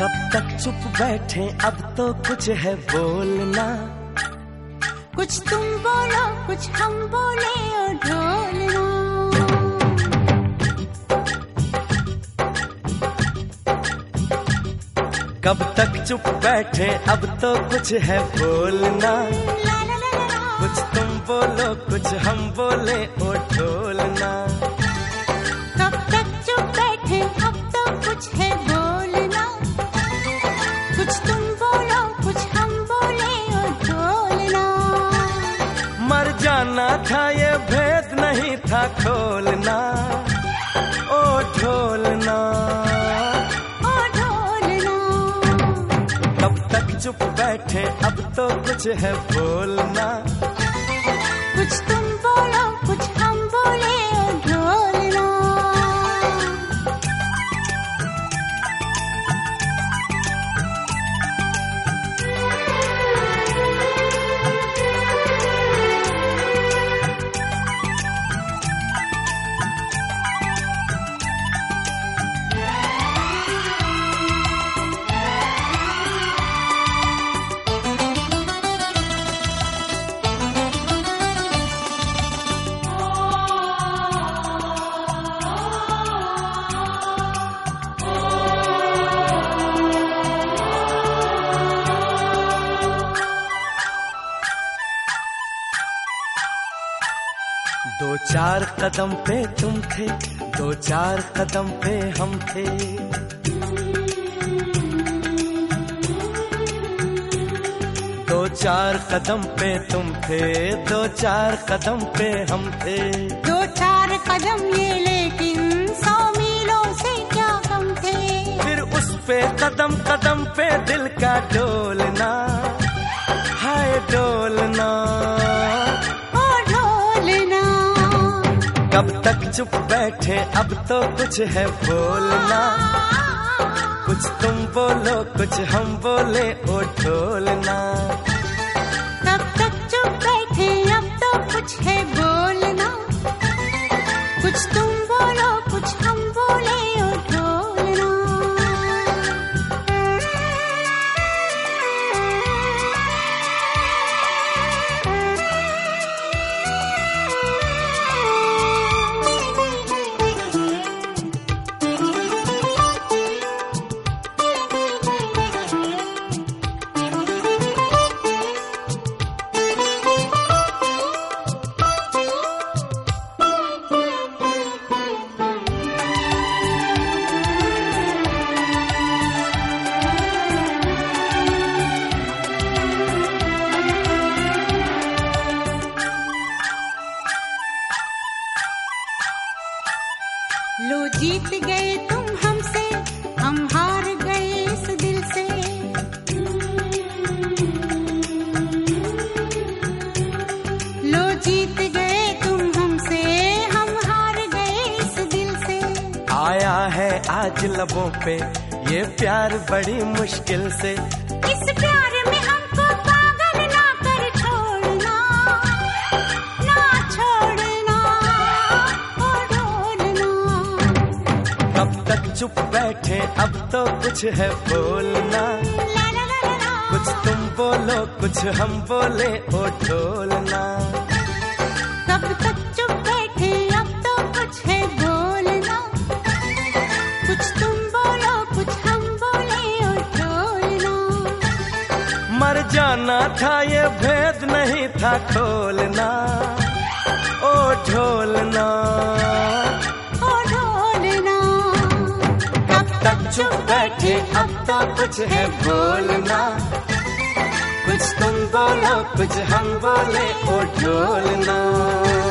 कब तक चुप बैठे अब तो कुछ है बोलना कुछ तुम बोलो कुछ हम बोले और ढोलना कब तक चुप बैठे अब तो कुछ है बोलना कुछ तुम बोलो कुछ हम बोले और ढोलना खोलना था ये भेद नहीं था खोलना ओ ढोलना ओ ढोलना कब तक चुप बैठे अब तो कुछ है बोलना कुछ तुम बोल दो चार कदम पे तुम थे दो चार कदम पे हम थे दो चार कदम पे तुम थे दो चार कदम पे हम थे दो चार कदम ये लेकिन सौ मीलों से क्या कम थे फिर उस पे कदम कदम पे दिल का डोलना कब तक चुप बैठे अब तो कुछ है बोलना कुछ तुम बोलो कुछ हम बोले ओ ढोलना कब तक चुप बैठे अब तो कुछ है बोलना कुछ तुम जीत गए तुम हमसे हम हार गए इस दिल से लो जीत गए तुम हमसे हम हार गए इस दिल से आया है आज लबों पे ये प्यार बड़ी मुश्किल से तो कुछ है बोलना कुछ तुम बोलो कुछ हम बोले ओ ढोलना तब तक चुप बैठे अब तो कुछ है बोलना कुछ तुम बोलो कुछ हम बोले ओ ढोलना मर जाना था ये भेद नहीं था खोलना कुछ है बोलना कुछ तुम बोलो कुछ हम बोले ओ ढोलना